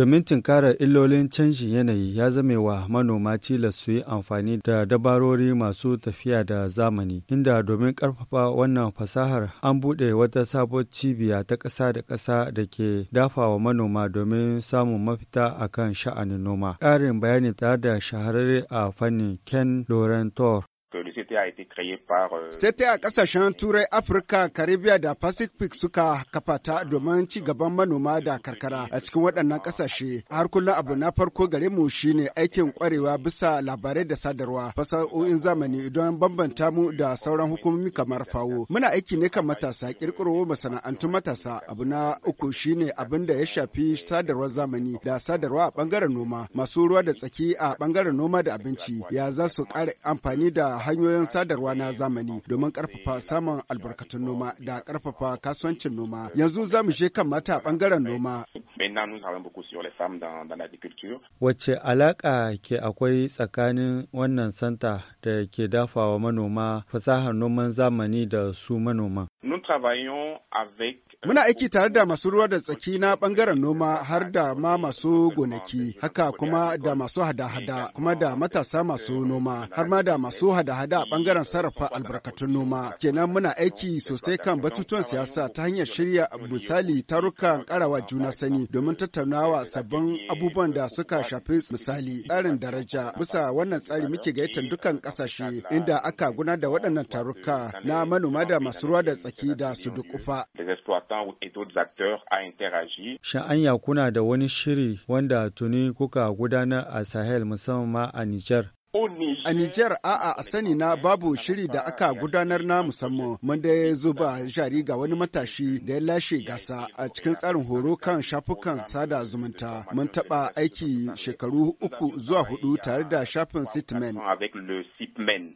Domin tinkarar illolin canjin yanayi ya zame wa manoma tilas su yi amfani da dabarori masu tafiya da zamani, inda domin ƙarfafa wannan fasahar an buɗe wata sabuwar cibiya ta ƙasa da ƙasa da ke dafawa manoma domin samun mafita a kan sha'anin noma. Ƙarin bayani tare da shahararre a fannin Ken Lorentor C'était a kasashen euh, Turai, Afirka, Caribbean da Pacific suka kafa domin ci gaban manoma da karkara a cikin waɗannan kasashe. Har kullum abu na farko gare mu shine aikin kwarewa bisa labarai da sadarwa, fasahohin zamani don bambanta mu da sauran hukumomi kamar fawo. Muna aiki ne kan matasa, kirkiro masana'antu matasa. Abu na uku shine abin da ya shafi sadarwar zamani da sadarwa a bangaren noma, masu ruwa da tsaki a bangaren noma da abinci. Ya za su ƙara amfani da hanyoyin kafofin sadarwa na zamani domin karfafa samun albarkatun noma da karfafa kasuwancin noma. Yanzu za mu kan mata a bangaren noma. wacce alaƙa ke akwai tsakanin wannan santa da ke dafawa manoma fasahar noman zamani da su manoma? Euh, muna aiki tare da masu ruwa da tsaki na bangaren noma har da ma masu gonaki, haka kuma da masu hada-hada, kuma da matasa masu noma, har ma da masu hada-hada a bangaren sarrafa albarkatun noma. Kenan muna aiki sosai kan batutuwan siyasa ta hanyar shirya misali tarukan karawa juna sani domin tattaunawa sabbin abubuwan da suka shafi misali tsarin daraja. Bisa wannan tsari muke gaitan dukkan kasashe inda aka gudanar da waɗannan taruka na manoma da masu ruwa da tsaki da su dukufa. Sha'anya kuna da wani shiri wanda tuni kuka gudanar a Sahel musamman ma a Nijar. A Nijar a'a a sani na babu shiri da aka gudanar na musamman mun da zuba jari ga wani matashi da ya lashe gasa a cikin tsarin horo kan shafukan sada zumunta. Mun taɓa aiki shekaru uku zuwa hudu tare da shafin Sitmen.